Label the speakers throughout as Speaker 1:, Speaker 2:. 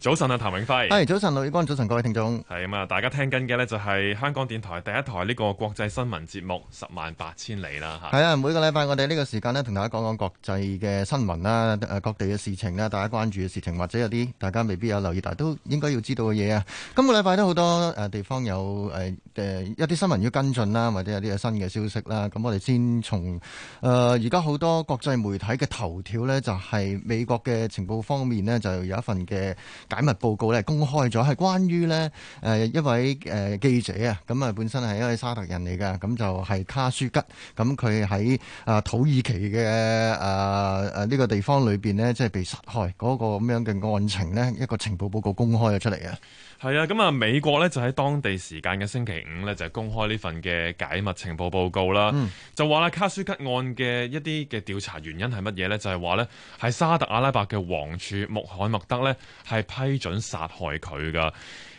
Speaker 1: 早晨啊，譚永輝。係，
Speaker 2: 早晨，劉宇光。早晨，各位聽眾。
Speaker 1: 係啊，大家聽緊嘅呢就係香港電台第一台呢個國際新聞節目《十萬八千里》啦。係啊，
Speaker 2: 每個禮拜我哋呢個時間呢，同大家講講國際嘅新聞啦，各地嘅事情啦，大家關注嘅事情，或者有啲大家未必有留意，但係都應該要知道嘅嘢啊。今個禮拜都好多誒地方有誒誒、呃、一啲新聞要跟進啦，或者有啲新嘅消息啦。咁我哋先從誒而家好多國際媒體嘅頭條呢，就係美國嘅情報方面呢，就有一份嘅。解密報告咧公開咗，係關於咧誒一位誒記者啊，咁啊本身係一位沙特人嚟㗎，咁就係、是、卡舒吉，咁佢喺啊土耳其嘅啊啊呢個地方裏邊咧，即係被殺害嗰、那個咁樣嘅案情咧，一個情報報告公開咗出嚟啊。
Speaker 1: 係、嗯、啊，咁啊美國呢就喺當地時間嘅星期五咧就係公開呢份嘅解密情報報告啦，就話啦卡舒吉案嘅一啲嘅調查原因係乜嘢呢？就係話呢喺沙特阿拉伯嘅王儲穆罕默德呢，係批准殺害佢噶，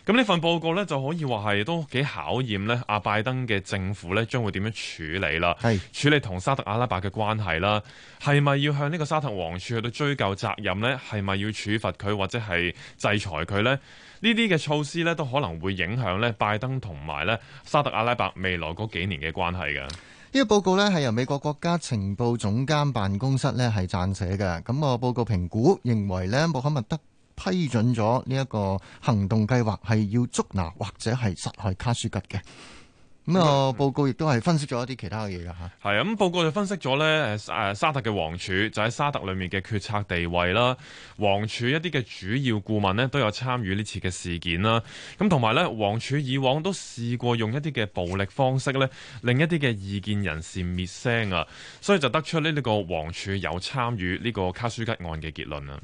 Speaker 1: 咁呢份報告咧就可以話係都幾考驗呢阿拜登嘅政府咧將會點樣處理啦？係是處理同沙特阿拉伯嘅關係啦，係咪要向呢個沙特王儲去到追究責任呢？係咪要處罰佢或者係制裁佢呢？呢啲嘅措施咧都可能會影響咧拜登同埋咧沙特阿拉伯未來嗰幾年嘅關係噶。呢
Speaker 2: 個報告咧係由美國國家情報總監辦公室咧係撰寫嘅。咁個報告評估認為咧，穆罕默德。批准咗呢一個行動計劃，係要捉拿或者係殺害卡舒吉嘅。咁、那、啊、個，報告亦都係分析咗一啲其他嘅嘢啦吓。係啊，咁報告就分析咗咧，誒
Speaker 1: 誒，沙特嘅王儲就喺沙特裏面嘅決策地位啦，王儲一啲嘅主要顧問咧都有參與呢次嘅事件啦。咁同埋咧，王儲以往都試過用一啲嘅暴力方式咧，令一啲嘅異見人士滅聲啊，所以就得出呢呢個王儲有參與呢個卡舒吉案嘅結論啊。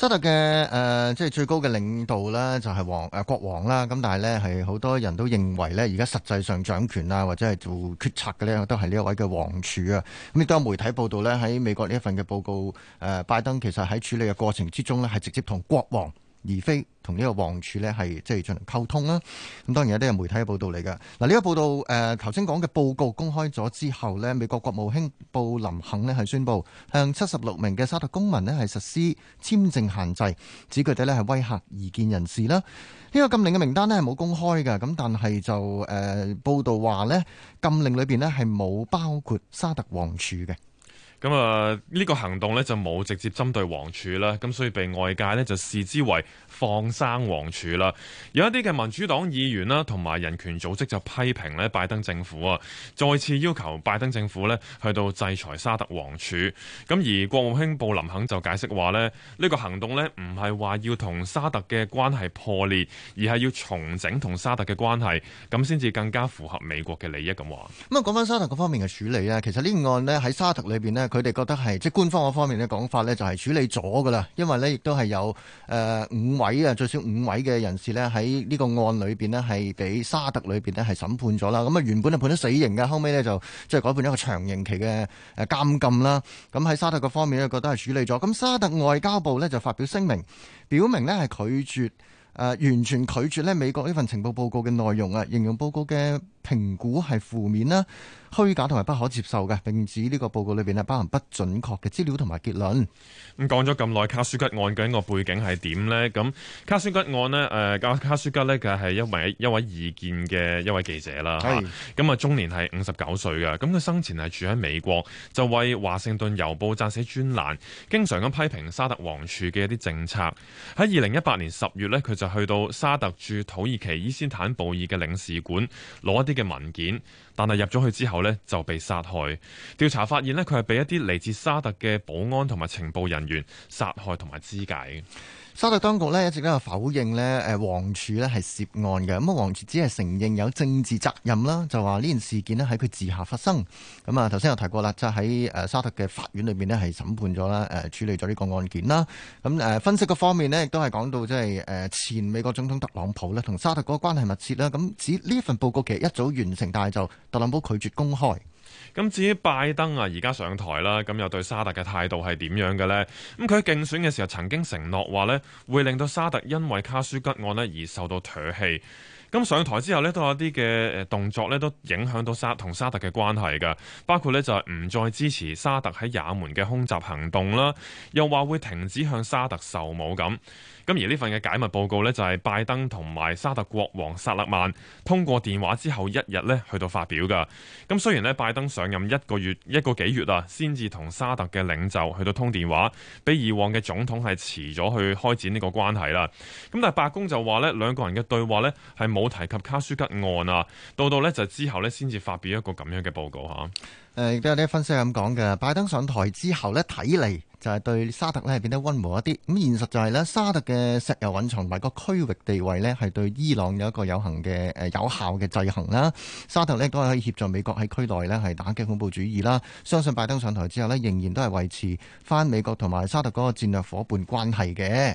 Speaker 2: 沙特嘅誒即係最高嘅領導、呃、呢，就係王誒國王啦。咁但係呢，係好多人都認為呢，而家實際上掌權啊，或者係做決策嘅呢，都係呢一位嘅王儲啊。咁亦都有媒體報道呢，喺美國呢一份嘅報告，誒、呃、拜登其實喺處理嘅過程之中呢，係直接同國王，而非同呢個王儲呢係即係進行溝通啦。咁當然有啲係媒體嘅報道嚟㗎。嗱，呢個報道誒，頭先講嘅報告公開咗之後呢，美國國務卿布林肯呢係宣布向七十六名嘅沙特公民呢係實施簽證限制，指佢哋呢係威嚇異見人士啦。呢、這個禁令嘅名單呢係冇公開㗎，咁但係就誒、呃、報道話呢，禁令裏邊呢係冇包括沙特王儲嘅。
Speaker 1: 咁啊，呢個行動呢就冇直接針對王儲啦，咁所以被外界呢就視之為放生王儲啦。有一啲嘅民主黨議員啦，同埋人權組織就批評呢拜登政府啊，再次要求拜登政府呢去到制裁沙特王儲。咁而國務卿布林肯就解釋話呢，呢個行動呢唔係話要同沙特嘅關係破裂，而係要重整同沙特嘅關係，咁先至更加符合美國嘅利益咁話。
Speaker 2: 咁啊，講翻沙特嗰方面嘅處理啊。其實呢案呢喺沙特裏邊呢。佢哋覺得係即係官方嗰方面嘅講法呢，就係處理咗㗎喇，因為呢，亦都係有誒、呃、五位啊，最少五位嘅人士呢，喺呢個案裏邊呢，係俾沙特裏邊呢，係審判咗啦。咁、嗯、啊原本係判咗死刑嘅，後尾呢，就即係改判咗一個長刑期嘅誒監禁啦。咁、嗯、喺沙特嘅方面呢，覺得係處理咗。咁、嗯、沙特外交部呢，就發表聲明，表明呢係拒絕誒、呃、完全拒絕呢美國呢份情報報告嘅內容啊，形容報告嘅。評估係負面啦、虛假同埋不可接受嘅，並指呢個報告裏邊係包含不準確嘅資料同埋結論。咁
Speaker 1: 講咗咁耐，卡舒吉案究竟個背景係點呢？咁卡舒吉案呢，誒、呃，卡卡舒吉呢，佢係一位一位異見嘅一位記者啦，咁是啊，中年係五十九歲嘅，咁佢生前係住喺美國，就為華盛頓郵報撰寫專欄，經常咁批評沙特王儲嘅一啲政策。喺二零一八年十月呢，佢就去到沙特駐土耳其伊斯坦布爾嘅領事館攞一啲嘅文件，但係入咗去之後呢就被殺害。調查發現呢，佢係被一啲嚟自沙特嘅保安同埋情報人員殺害同埋肢解。
Speaker 2: 沙特當局咧一直都係否認咧，誒王儲咧係涉案嘅。咁啊，王儲只係承認有政治責任啦，就話呢件事件咧喺佢治下發生。咁啊，頭先有提過啦，就喺誒沙特嘅法院裏面咧係審判咗啦，誒處理咗呢個案件啦。咁誒分析嘅方面呢，亦都係講到即係誒前美國總統特朗普咧同沙特嗰個關係密切啦。咁指呢份報告其實一早完成，但係就特朗普拒絕公開。
Speaker 1: 咁至於拜登啊，而家上台啦，咁又對沙特嘅態度係點樣嘅呢？咁佢喺競選嘅時候曾經承諾話呢，會令到沙特因為卡舒吉案呢而受到唾棄。咁上台之後咧，都有啲嘅誒動作咧，都影響到沙同沙特嘅關係嘅，包括咧就係、是、唔再支持沙特喺也門嘅空襲行動啦，又話會停止向沙特售武咁。咁而呢份嘅解密報告呢，就係、是、拜登同埋沙特國王薩勒曼通過電話之後一日咧去到發表噶。咁雖然咧拜登上任一個月一個幾月啊，先至同沙特嘅領袖去到通電話，比以往嘅總統係遲咗去開展呢個關係啦。咁但係白宮就話呢，兩個人嘅對話呢，係冇提及卡舒吉案啊，到到呢就之後呢先至發表一個咁樣嘅報告吓。
Speaker 2: 誒、呃，亦都有啲分析係咁講嘅。拜登上台之後呢，睇嚟就係對沙特呢係變得溫和一啲。咁、嗯、現實就係呢，沙特嘅石油蘊藏同埋個區域地位呢，係對伊朗有一個有效嘅，誒有效嘅制衡啦。沙特呢都係可以協助美國喺區內呢係打擊恐怖主義啦。相信拜登上台之後呢，仍然都係維持翻美國同埋沙特嗰個戰略夥伴關係嘅。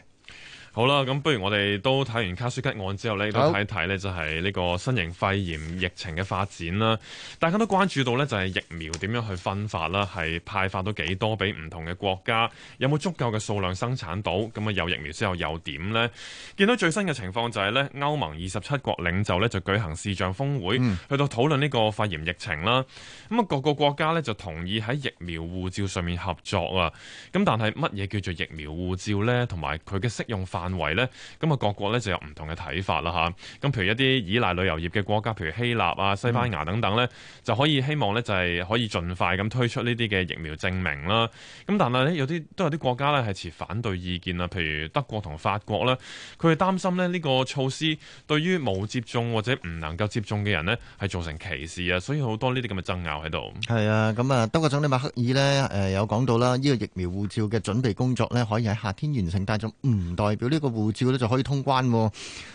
Speaker 1: 好啦，咁不如我哋都睇完卡舒吉案之後咧，都睇睇咧，就係呢個新型肺炎疫情嘅發展啦。大家都關注到咧，就係疫苗點樣去分發啦，係派發到幾多俾唔同嘅國家？有冇足夠嘅數量生產到？咁啊，有疫苗之後又點咧？見到最新嘅情況就係咧，歐盟二十七國領袖咧就舉行視像峰會去到討論呢個肺炎疫情啦。咁啊，各個國家咧就同意喺疫苗護照上面合作啊。咁但係乜嘢叫做疫苗護照咧？同埋佢嘅適用法。範圍咧，咁啊各國呢就有唔同嘅睇法啦，吓。咁譬如一啲依賴旅遊業嘅國家，譬如希臘啊、西班牙等等呢，嗯、就可以希望呢就係可以盡快咁推出呢啲嘅疫苗證明啦。咁但係呢，有啲都有啲國家呢係持反對意見啊，譬如德國同法國啦，佢哋擔心咧呢個措施對於冇接種或者唔能夠接種嘅人呢係造成歧視啊，所以好多呢啲咁嘅爭拗喺度。
Speaker 2: 係啊，咁啊德國總理默克爾呢，誒、呃、有講到啦，呢、這個疫苗護照嘅準備工作呢，可以喺夏天完成，但係就唔代表。呢個護照咧就可以通關，哦，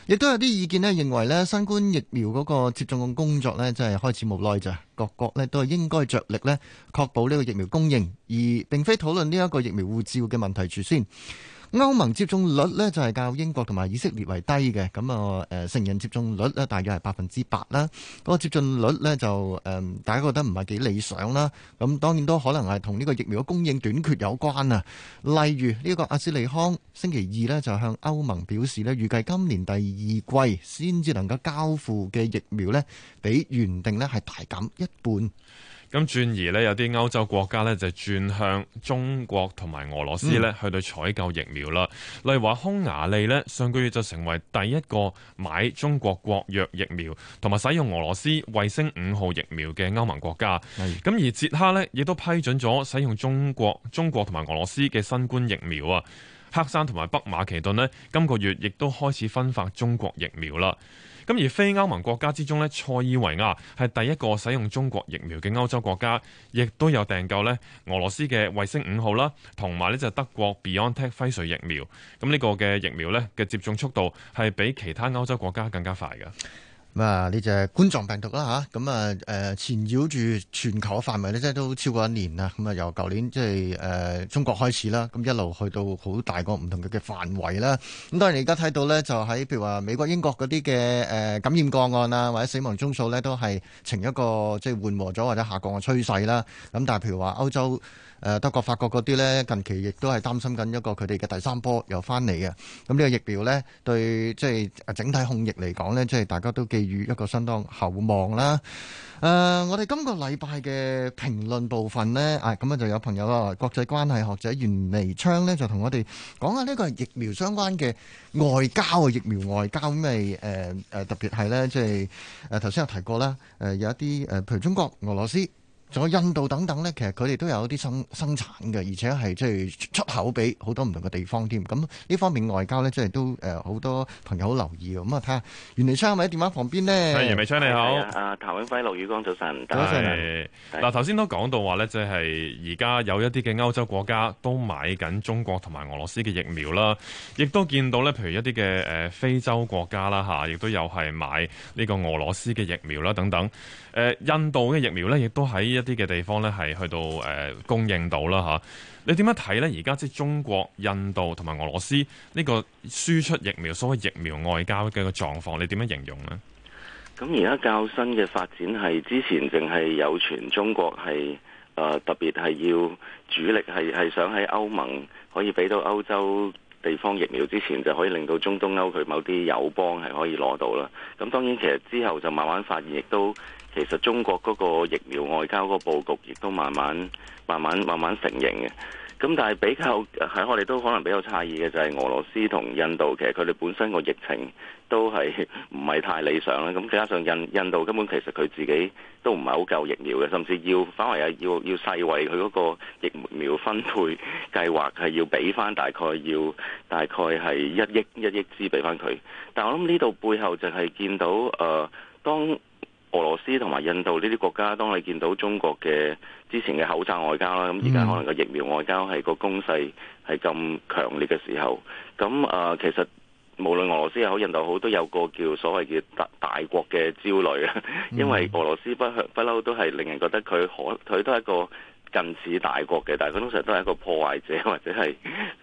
Speaker 2: 亦都有啲意見咧認為咧，新冠疫苗嗰個接種嘅工作咧，真係開始無耐咋。各國咧都係應該着力咧確保呢個疫苗供應，而並非討論呢一個疫苗護照嘅問題住先。歐盟接種率呢就係較英國同埋以色列為低嘅，咁啊誒成人接種率呢，大約係百分之八啦。個接種率呢，就誒，大家覺得唔係幾理想啦。咁當然都可能係同呢個疫苗嘅供應短缺有關啊。例如呢個阿斯利康星期二呢，就向歐盟表示呢，預計今年第二季先至能夠交付嘅疫苗呢，比原定呢係大減半
Speaker 1: 咁轉移呢，有啲歐洲國家呢，就轉向中國同埋俄羅斯呢，去到採購疫苗啦。嗯、例如話，匈牙利呢，上個月就成為第一個買中國國藥疫苗同埋使用俄羅斯衛星五號疫苗嘅歐盟國家。咁是而捷克呢，亦都批准咗使用中國中國同埋俄羅斯嘅新冠疫苗啊。黑山同埋北馬其頓呢，今個月亦都開始分發中國疫苗啦。咁而非歐盟國家之中呢，塞爾維亞係第一個使用中國疫苗嘅歐洲國家，亦都有訂購呢俄羅斯嘅衛星五號啦，同埋呢就德國 BioNTech 輝瑞疫苗。咁、這、呢個嘅疫苗呢嘅接種速度係比其他歐洲國家更加快嘅。
Speaker 2: 啊，呢隻冠狀病毒啦嚇，咁啊誒、呃，纏繞住全球嘅範圍咧，即係都超過一年啦。咁、嗯、啊，由舊年即係誒中國開始啦，咁、嗯、一路去到好大個唔同嘅範圍啦。咁、嗯、當然而家睇到呢，就喺譬如話美國、英國嗰啲嘅誒感染個案啊，或者死亡宗數呢，都係呈一個即係緩和咗或者下降嘅趨勢啦。咁、嗯、但係譬如話歐洲誒、呃、德國、法國嗰啲呢，近期亦都係擔心緊一個佢哋嘅第三波又翻嚟嘅。咁、嗯、呢、呢個疫苗呢，對即係整體控疫嚟講呢，即係大家都記。與一個相當厚望啦。誒，我哋今個禮拜嘅評論部分咧，啊，咁啊就有朋友啦，國際關係學者袁彌昌咧，就同我哋講下呢個疫苗相關嘅外交啊，疫苗外交，咁咪誒誒特別係咧，即係誒頭先有提過啦，誒有一啲誒，譬如中國、俄羅斯。仲有印度等等咧，其實佢哋都有一啲生生產嘅，而且係即係出口俾好多唔同嘅地方添。咁呢方面外交咧，即係都誒好多朋友好留意咁啊睇下，袁彌昌係咪喺電話旁邊咧。袁彌昌你好，
Speaker 3: 哎、啊譚永輝、盧宇光早晨。早晨。
Speaker 1: 嗱頭先都講到話咧，即係而家有一啲嘅歐洲國家都買緊中國同埋俄羅斯嘅疫苗啦，亦都見到咧，譬如一啲嘅誒非洲國家啦嚇，亦都有係買呢個俄羅斯嘅疫苗啦等等。印度嘅疫苗咧，亦都喺一啲嘅地方咧，係去到誒、呃、供應到啦吓、啊，你點樣睇呢？而家即係中國、印度同埋俄羅斯呢個輸出疫苗、所謂疫苗外交嘅個狀況，你點樣形容呢？
Speaker 3: 咁而家較新嘅發展係之前淨係有傳中國係誒、呃、特別係要主力係，係想喺歐盟可以俾到歐洲。地方疫苗之前就可以令到中東歐佢某啲友邦係可以攞到啦。咁當然其實之後就慢慢發現，亦都其實中國嗰個疫苗外交嗰個佈局，亦都慢慢、慢慢、慢慢成型嘅。咁但係比較係我哋都可能比較詫異嘅就係俄羅斯同印度，其實佢哋本身個疫情都係唔係太理想啦。咁加上印印度根本其實佢自己都唔係好夠疫苗嘅，甚至要反為啊，要要世衛佢嗰個疫苗分配計劃係要俾翻大概，要大概係一億一億支俾翻佢。但係我諗呢度背後就係見到誒、呃、當，俄羅斯同埋印度呢啲國家，當你見到中國嘅之前嘅口罩外交啦，咁而家可能個疫苗外交係個攻勢係咁強烈嘅時候，咁啊、呃、其實無論俄羅斯又好，印度好，都有個叫所謂嘅大大國嘅焦慮啊。因為俄羅斯不、嗯、不嬲都係令人覺得佢可佢都係一個近似大國嘅，但係佢通常都係一個破壞者或者係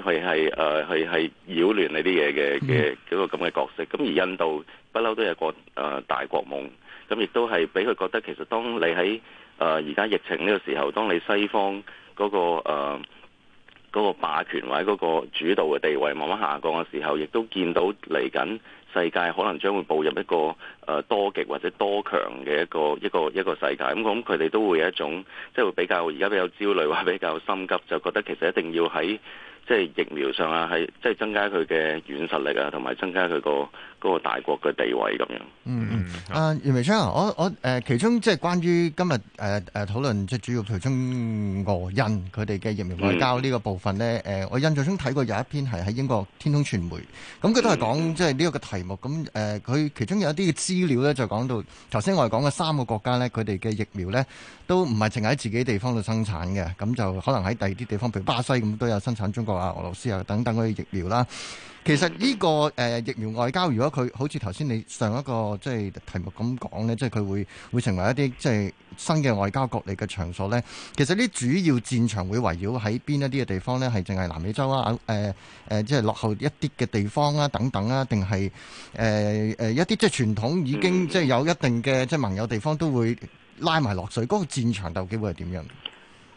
Speaker 3: 佢係誒佢係擾亂你啲嘢嘅嘅幾個咁嘅角色。咁而印度不嬲都有一個誒大國夢。咁亦都係俾佢覺得，其實當你喺誒而家疫情呢個時候，當你西方嗰、嗰個誒、呃嗰個、霸權或者嗰個主導嘅地位慢慢下降嘅時候，亦都見到嚟緊世界可能將會步入一個誒、呃、多極或者多強嘅一個一個一個世界。咁咁，佢哋都會有一種即係、就是、會比較而家比較焦慮，或比較心急，就覺得其實一定要喺，即係疫苗上啊，喺即係增加佢嘅軟實力啊，同埋增加佢個嗰個大國嘅地位咁
Speaker 2: 樣。嗯嗯，啊袁彌昌、啊，我我誒、呃、其中即係關於今日誒誒討論即係主要譬如中俄印佢哋嘅疫苗外交呢個部分呢。誒、嗯呃、我印象中睇過有一篇係喺英國天空傳媒，咁佢都係講即係呢一個題目，咁誒佢其中有一啲資料咧就是、講到頭先我哋講嘅三個國家呢，佢哋嘅疫苗呢都唔係淨喺自己地方度生產嘅，咁就可能喺第二啲地方，譬如巴西咁都有生產中國。話俄羅斯啊等等嗰啲疫苗啦，其實呢、呢個誒、呃、疫苗外交，如果佢好似頭先你上一個即係、就是、題目咁講呢，即係佢會會成為一啲即係新嘅外交角力嘅場所呢，其實呢主要戰場會圍繞喺邊一啲嘅地方呢？係淨係南美洲啊誒誒，即、呃、係、呃就是、落後一啲嘅地方啦等等啊，定係誒誒一啲即係傳統已經即係、嗯、有一定嘅即係盟友地方都會拉埋落水，嗰、嗰個戰場鬥機會係點樣？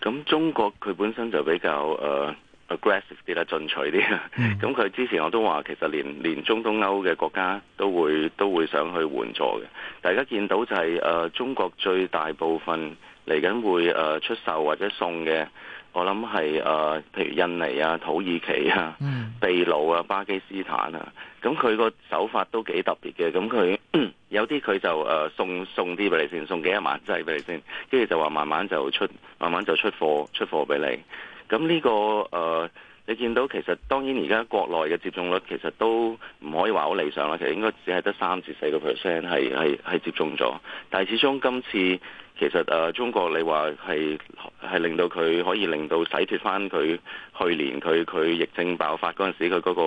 Speaker 3: 咁中國佢本身就比較誒。aggressive 啲啦，進取啲。咁 佢之前我都話，其實連連中東歐嘅國家都會都會想去援助嘅。大家見到就係、是、誒、呃、中國最大部分嚟緊會誒、呃、出售或者送嘅。我諗係誒，譬如印尼啊、土耳其啊、 秘魯啊、巴基斯坦啊。咁佢個手法都幾特別嘅。咁佢 有啲佢就誒、呃、送送啲俾你先，送幾十萬劑俾你先，跟住就話慢慢就出慢慢就出貨出貨俾你。咁呢個誒，你見到其實當然而家國內嘅接種率其實都唔可以話好理想啦，其實應該只係得三至四個 percent 係係係接種咗。但係始終今次其實誒中國你話係係令到佢可以令到洗脫翻佢去年佢佢疫症爆發嗰陣時佢嗰個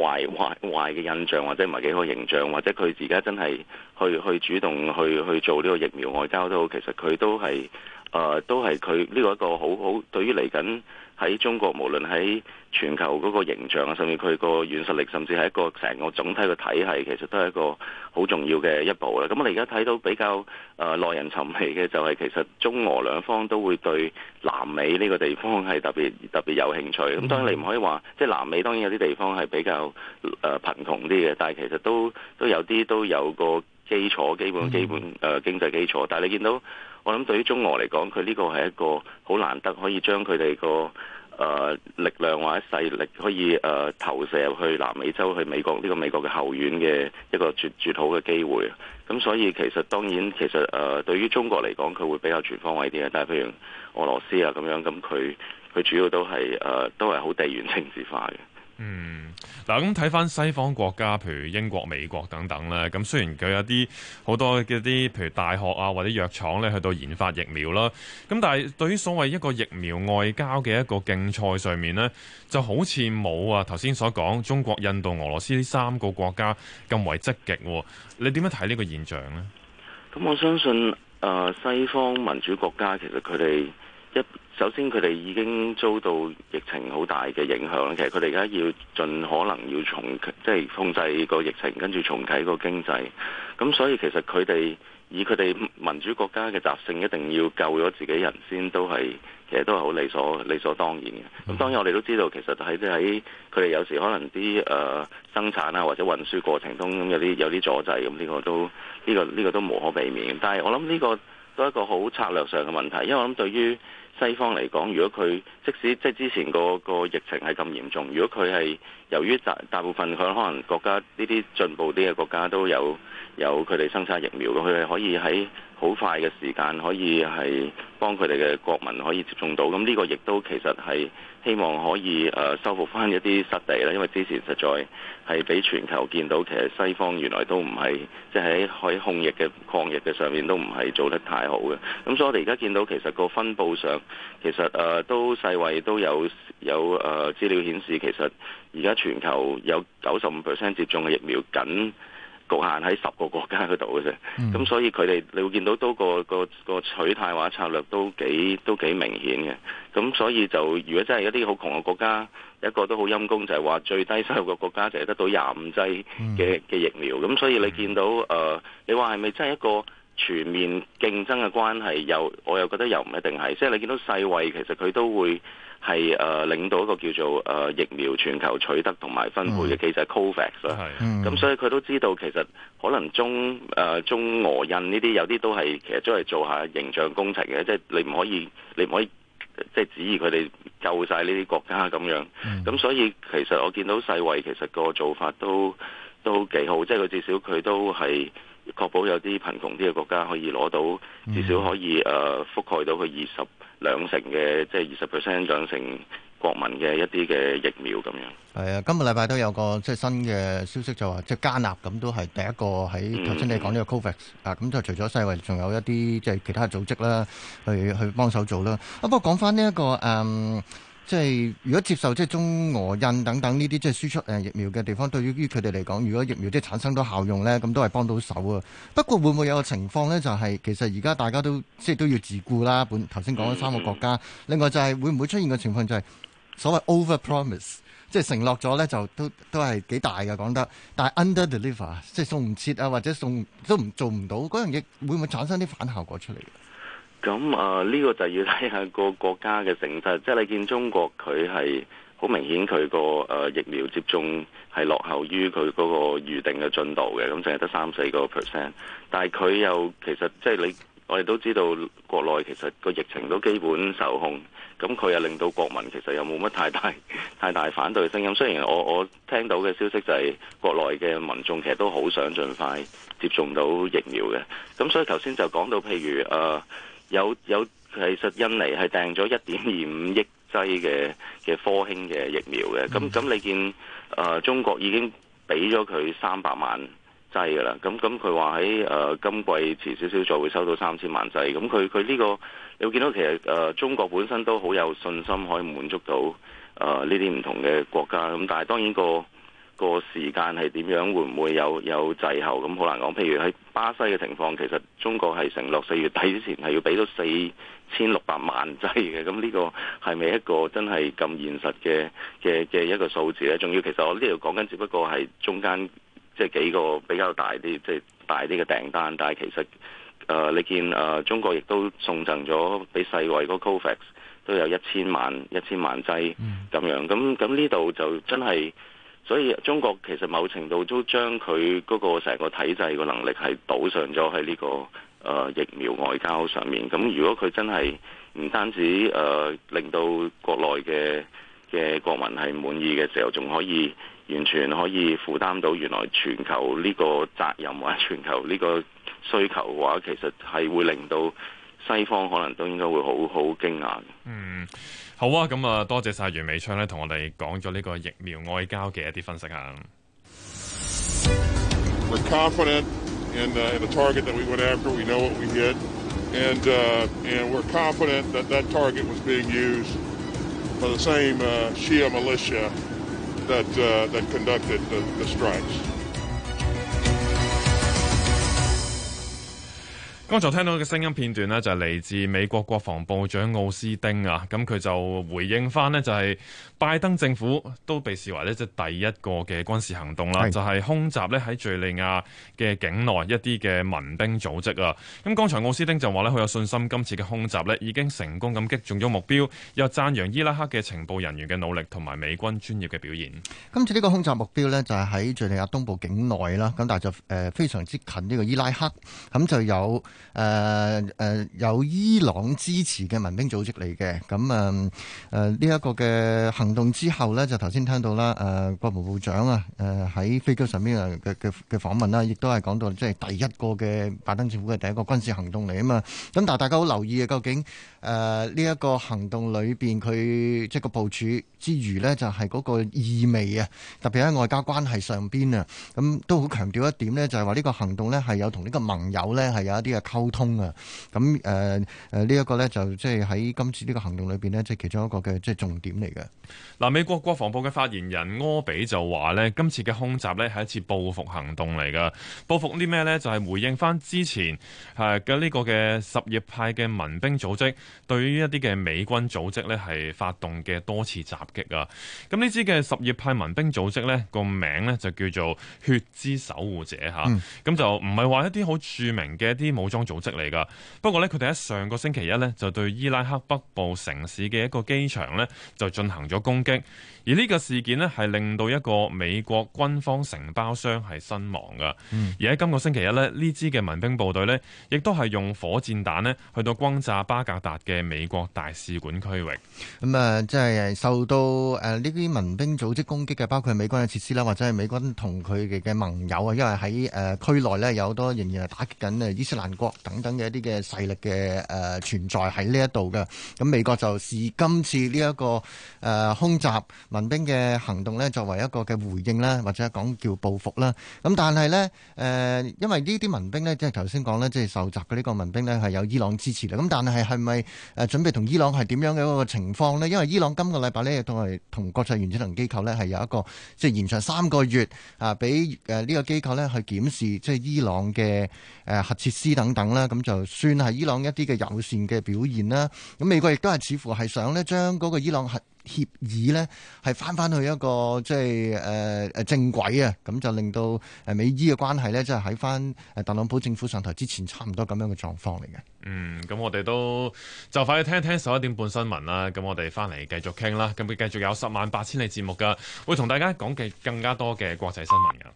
Speaker 3: 壞壞壞嘅印象或者唔係幾好形象，或者佢而家真係去去主動去去做呢個疫苗外交都好，其實佢都係。誒、呃，都係佢呢個一個好好，對於嚟緊喺中國，無論喺全球嗰個形象啊，甚至佢個軟實力，甚至係一個成個總體嘅體系，其實都係一個好重要嘅一步啦。咁我哋而家睇到比較誒、呃、耐人尋味嘅，就係其實中俄兩方都會對南美呢個地方係特別特別有興趣。咁當然你唔可以話，即係南美當然有啲地方係比較誒、呃、貧窮啲嘅，但係其實都都有啲都有個基礎基本基本誒、呃、經濟基礎，但係你見到。我諗對於中俄嚟講，佢呢個係一個好難得可以將佢哋個誒力量或者勢力可以誒、呃、投射入去南美洲、去美國呢、呢個美國嘅後院嘅一個絕絕好嘅機會。咁所以其實當然，其實誒、呃、對於中國嚟講，佢會比較全方位啲嘅。但係譬如俄羅斯啊咁樣，咁佢佢主要都係誒、呃、都係好地緣政治化嘅。嗯。
Speaker 1: 嗱，咁睇翻西方國家，譬如英國、美國等等咧，咁雖然佢有啲好多嘅啲，譬如大學啊或者藥廠咧，去到研發疫苗啦，咁但係對於所謂一個疫苗外交嘅一個競賽上面呢，就好似冇啊頭先所講中國、印度、俄羅斯呢三個國家咁為積極。你點樣睇呢個現象呢？
Speaker 3: 咁我相信誒、呃、西方民主國家其實佢哋。一首先，佢哋已經遭到疫情好大嘅影響。其實佢哋而家要盡可能要重即係控制個疫情，跟住重啟個經濟。咁所以其實佢哋以佢哋民主國家嘅習性，一定要救咗自己人先，都係其實都係好理所理所當然嘅。咁當然我哋都知道，其實喺即係佢哋有時可能啲誒、呃、生產啊，或者運輸過程中有啲有啲阻滯，咁呢個都呢、呢個呢、呢個都無可避免。但係我諗呢個都係一個好策略上嘅問題，因為我諗對於西方嚟講，如果佢即使即係之前個個疫情係咁嚴重，如果佢係由於大大部分佢可能國家呢啲進步啲嘅國家都有有佢哋生產疫苗，佢係可以喺好快嘅時間可以係幫佢哋嘅國民可以接種到。咁呢個亦都其實係。希望可以誒收，呃，復翻一啲失地喇，因為之前實在係俾全球見到，其實西方原來都唔係即係喺可控疫嘅抗疫嘅上面都唔係做得太好嘅。咁所以我哋而家見到其實個分佈上，其實誒，呃，都世衞都有有誒，呃，資料顯示，其實而家全球有九十五 percent 接種嘅疫苗緊。局限喺十個國家嗰度嘅啫，咁、嗯、所以佢哋你會見到都個個個取態或策略都幾都幾明顯嘅。咁所以就如果真係一啲好窮嘅國家，一個都好陰公，就係話最低收入嘅國家就係得到廿五劑嘅嘅疫苗，咁所以你見到誒、呃，你話係咪真係一個？全面競爭嘅關係，又我又覺得又唔一定係，即係你見到世衛其實佢都會係誒、呃、領導一個叫做誒、呃、疫苗全球取得同埋分配嘅機制 COVAX 啦。咁所以佢都知道其實可能中誒、呃、中俄印呢啲有啲都係其實都係做下形象工程嘅，即係你唔可以你唔可以即係、就是、指意佢哋救晒呢啲國家咁樣。咁、嗯、所以其實我見到世衛其實個做法都都幾好，即係佢至少佢都係。嗯、確保有啲貧窮啲嘅國家可以攞到，至少可以誒、uh, 覆蓋到佢二十兩成嘅，即係二十 percent 兩成國民嘅一啲嘅疫苗咁樣。
Speaker 2: 係啊，今日禮拜都有個即係新嘅消息，就話即係加納咁都係第一個喺頭先你講呢個 COVAX、嗯、啊，咁就除咗世衞，仲有一啲即係其他組織啦，去去幫手做啦。啊，不過講翻呢一個誒。嗯即係如果接受即係中俄印等等呢啲即係輸出誒、呃、疫苗嘅地方，對於於佢哋嚟講，如果疫苗即係產生到效用咧，咁都係幫到手啊。不過會唔會有個情況咧？就係、是、其實而家大家都即係都要自顧啦。本頭先講咗三個國家，另外就係會唔會出現個情況，就係所謂 over promise，即係承諾咗咧，就都都係幾大嘅講得。但係 under deliver，即係送唔切啊，或者送都唔做唔到，嗰樣嘢會唔會產生啲反效果出嚟？
Speaker 3: 咁啊，呢個就要睇下個國家嘅成績。即係你見中國佢係好明顯，佢個誒疫苗接種係落後於佢嗰個預定嘅進度嘅，咁淨係得三四個 percent。但係佢又其實即係你，我哋都知道國內其實個疫情都基本受控，咁佢又令到國民其實又冇乜太大太大反對聲音。雖然我我聽到嘅消息就係國內嘅民眾其實都好想盡快接種到疫苗嘅。咁所以頭先就講到譬如誒、呃。有有其實印尼係訂咗一點二五億劑嘅嘅科興嘅疫苗嘅，咁咁你見誒、呃、中國已經俾咗佢三百萬劑㗎啦，咁咁佢話喺誒今季遲少少再會收到三千萬劑，咁佢佢呢個你會見到其實誒、呃、中國本身都好有信心可以滿足到誒呢啲唔同嘅國家，咁但係當然、那個。個時間係點樣？會唔會有有滯後咁？好難講。譬如喺巴西嘅情況，其實中國係承諾四月底之前係要俾到四千六百萬劑嘅。咁呢個係咪一個真係咁現實嘅嘅嘅一個數字咧？仲要其實我呢度講緊，只不過係中間即係、就是、幾個比較大啲，即、就、係、是、大啲嘅訂單。但係其實誒、呃，你見誒、呃、中國亦都送贈咗俾世衛嗰個 COVAX 都有一千萬一千萬劑咁樣。咁咁呢度就真係。所以中國其實某程度都將佢嗰個成個體制嘅能力係賭上咗喺呢個、呃、疫苗外交上面。咁如果佢真係唔單止誒、呃、令到國內嘅嘅國民係滿意嘅時候，仲可以完全可以負擔到原來全球呢個責任或者全球呢個需求嘅話，其實係會令到西方可能都應該會好好驚訝嘅。嗯，
Speaker 1: 好啊，咁啊，多謝曬袁彌昌咧，同我哋講咗呢個疫苗外交嘅一
Speaker 3: 啲分析下。
Speaker 1: 剛才聽到嘅聲音片段呢，就係嚟自美國國防部長奧斯丁啊，咁佢就回應返呢，就係，就係。拜登政府都被視為咧即係第一個嘅軍事行動啦，的就係空襲咧喺敘利亞嘅境內一啲嘅民兵組織啊。咁剛才奧斯丁就話咧佢有信心，今次嘅空襲咧已經成功咁擊中咗目標，又讚揚伊拉克嘅情報人員嘅努力同埋美軍專業嘅表現。
Speaker 2: 今次呢個空襲目標咧就係喺敘利亞東部境內啦，咁但係就誒非常之近呢個伊拉克，咁就有誒誒、呃、有伊朗支持嘅民兵組織嚟嘅，咁啊誒呢一個嘅行。行動之後呢，就頭先聽到啦，誒、呃，國務部長啊，誒、呃，喺飛機上面嘅嘅嘅訪問啦，亦都係講到即係第一個嘅拜登政府嘅第一個軍事行動嚟啊嘛。咁但係大家好留意啊，究竟誒呢一個行動裏邊佢即係個部署之餘呢，就係嗰個意味啊，特別喺外交關係上邊啊，咁都好強調一點呢，就係話呢個行動呢，係有同呢個盟友呢，係有一啲嘅溝通啊。咁誒誒呢一個呢，就即係喺今次呢個行動裏邊呢，即係其中一個嘅即係重點嚟嘅。
Speaker 1: 嗱、啊，美國國防部嘅發言人柯比就話咧，今次嘅空襲咧係一次報復行動嚟㗎，報復啲咩呢？就係、是、回應返之前係嘅呢個嘅什葉派嘅民兵組織對於一啲嘅美軍組織呢係發動嘅多次襲擊啊。咁呢支嘅什葉派民兵組織呢個名呢就叫做血之守護者吓。咁、啊嗯、就唔係話一啲好著名嘅一啲武裝組織嚟㗎。不過呢，佢哋喺上個星期一呢就對伊拉克北部城市嘅一個機場呢就進行咗。攻擊。而呢個事件呢，係令到一個美國軍方承包商係身亡噶。嗯、而喺今個星期一呢，呢支嘅民兵部隊呢，亦都係用火箭彈呢去到轟炸巴格達嘅美國大使館區域。
Speaker 2: 咁啊、嗯，即、就、係、是、受到誒呢啲民兵組織攻擊嘅，包括美軍嘅設施啦，或者係美軍同佢哋嘅盟友啊。因為喺誒區內咧，有好多仍然係打擊緊誒伊斯蘭國等等嘅一啲嘅勢力嘅誒、呃、存在喺呢一度嘅。咁、嗯、美國就係今次呢、這、一個誒。呃呃空襲民兵嘅行動咧，作為一個嘅回應咧，或者講叫報復啦。咁但係呢，誒、呃，因為呢啲民兵咧，即係頭先講咧，即係受襲嘅呢個民兵咧，係有伊朗支持啦。咁但係係咪誒準備同伊朗係點樣嘅一個情況呢？因為伊朗今個禮拜呢，亦都係同國際原子能機構呢，係有一個即係延長三個月啊，俾誒呢個機構呢去檢視即係伊朗嘅誒、啊、核設施等等啦。咁就算係伊朗一啲嘅友善嘅表現啦。咁美國亦都係似乎係想咧將嗰個伊朗核協議呢係翻翻去一個即係誒誒正軌啊，咁就令到誒美伊嘅關係呢，即係喺翻誒特朗普政府上台之前差唔多咁樣嘅狀況嚟嘅。嗯，
Speaker 1: 咁我哋都就快啲聽一聽十一點半新聞啦。咁我哋翻嚟繼續傾啦。咁佢繼續有十萬八千里節目㗎，會同大家講嘅更加多嘅國際新聞嘅。